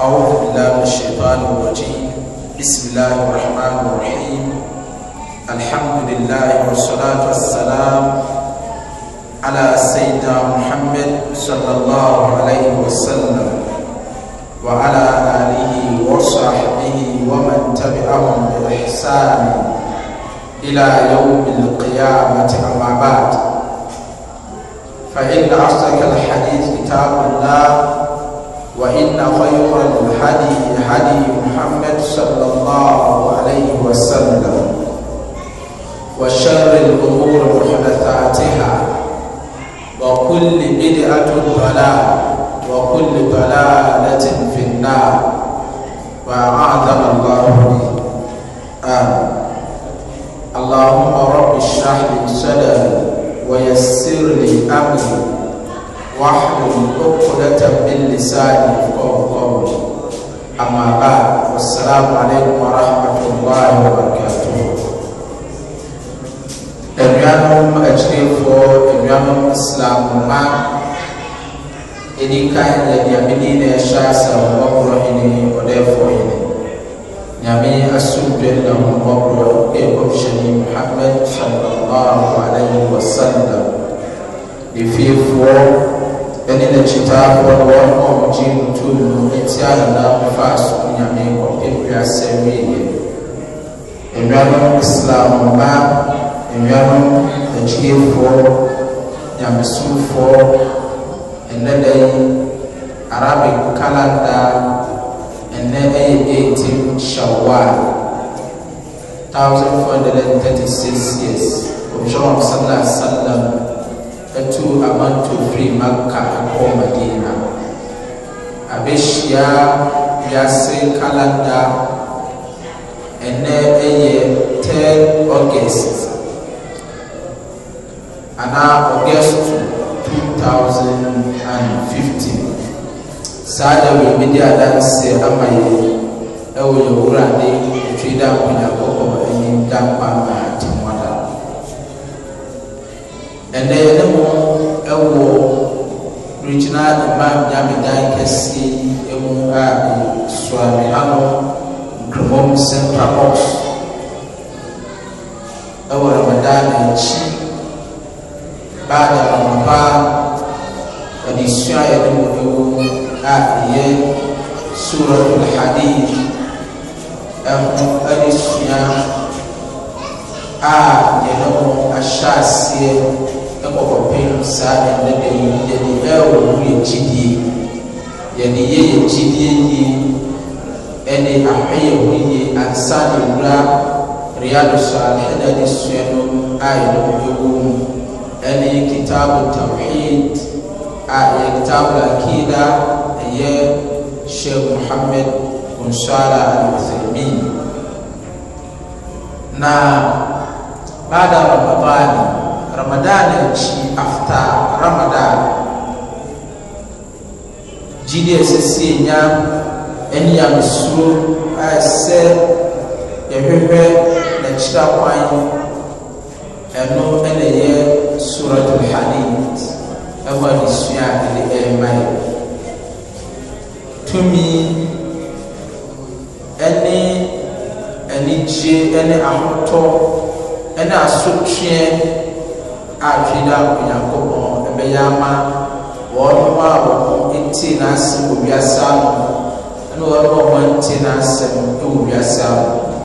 أعوذ بالله من الشيطان الرجيم بسم الله الرحمن الرحيم الحمد لله والصلاة والسلام على سيدنا محمد صلى الله عليه وسلم وعلى آله وصحبه ومن تبعهم بإحسان إلى يوم القيامة أما بعد فإن أصدق الحديث كتاب الله وإن خير الحدي حدي محمد صلى الله عليه وسلم وشر الأمور محدثاتها وكل بدعة ضلالة وكل ضلالة في النار وأعظم الله لي آمين اللهم رب اشرح لي صدري ويسر لي أمري واحلل عقدة من لساني يفقهوا قولي أما بعد والسلام عليكم ورحمة الله وبركاته anuanom akyirifoɔ anuanom islamoma ɛdi kan yɛ nyameni na ɛhyɛ asɛmmɔborɔ hene ɔdɛɛfoɔ hene nyame asomdwe na homɔborɔ ɛkɔmhyɛne muhammad sallallahu alaihi wasallam ne fiefoɔ ɛne n'akyitaa foɔ no wɔn a wɔgye ntuo mu ɛti ananam faa so nyame kɔpɛwiasɛ wieɛ nnuanom islam mmaa nnuanom agyiefoɔ nyamesomfoɔ ɛnɛ da yi arabic calendar ɛnɛ ɛyɛ 18 shawwal 1436 years ɔbɛhwɛ wɔn sallallahu alaihi wa sallam firi makka akɔ madina abehyia wiase kalanda ɛnɛ ɛyɛ ten august anaa august two thousand and fifteen saa da wei mede adanseɛ ama yɛ ɛwɔ yɛ wurade twi da nkonyakɔkɔ anim da mpa mmaa temmoada ɛnɛ yɛne gyina imam nyame dan kɛseɛ yi mu a suame ano dromom central box ɛwɔ ramadan akyi baada anɔpa adesua a yɛde wɔ ɛwɔ a ɛyɛ suratul hadid ɛho adesua a yɛde wɔ ahyɛ aseɛ mu saa ɛnnɛ yi yɛde ɛwɔ mu yɛ gyidie yɛde yɛ yɛ gyidie yie ɛne ahwɛyɛ ho yie ansa ne wura riyadu saale ɛna ne sua no a yɛde ho ɛwɔ mu ɛne kitaabu tawhid a yɛ kitaabu akida ɛyɛ sheikh muhammed musaala al na baada ramadani Ramadan akyi after Ramadan gyidi a ɛsɛ sɛ yɛnya ne yamesuro a ɛsɛ yɛhwehwɛ n'akyira kwan ɛno na ɛyɛ suratul hadid ɛwɔ adesua a ɛde ɛrema yɛ tumi ne anigye ne ahotɔ ne asotweɛ a twere dɛ onyankopɔn ɛbɛyɛ ama wɔn mu a wɔn ti n'ase wɔ wiase ano ɛna wɔn a wɔn ti n'asɛm wɔ wiase ano.